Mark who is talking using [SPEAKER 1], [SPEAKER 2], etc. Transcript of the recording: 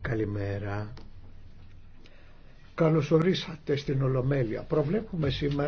[SPEAKER 1] Καλημέρα. Καλωσορίσατε στην Ολομέλεια. Προβλέπουμε σήμερα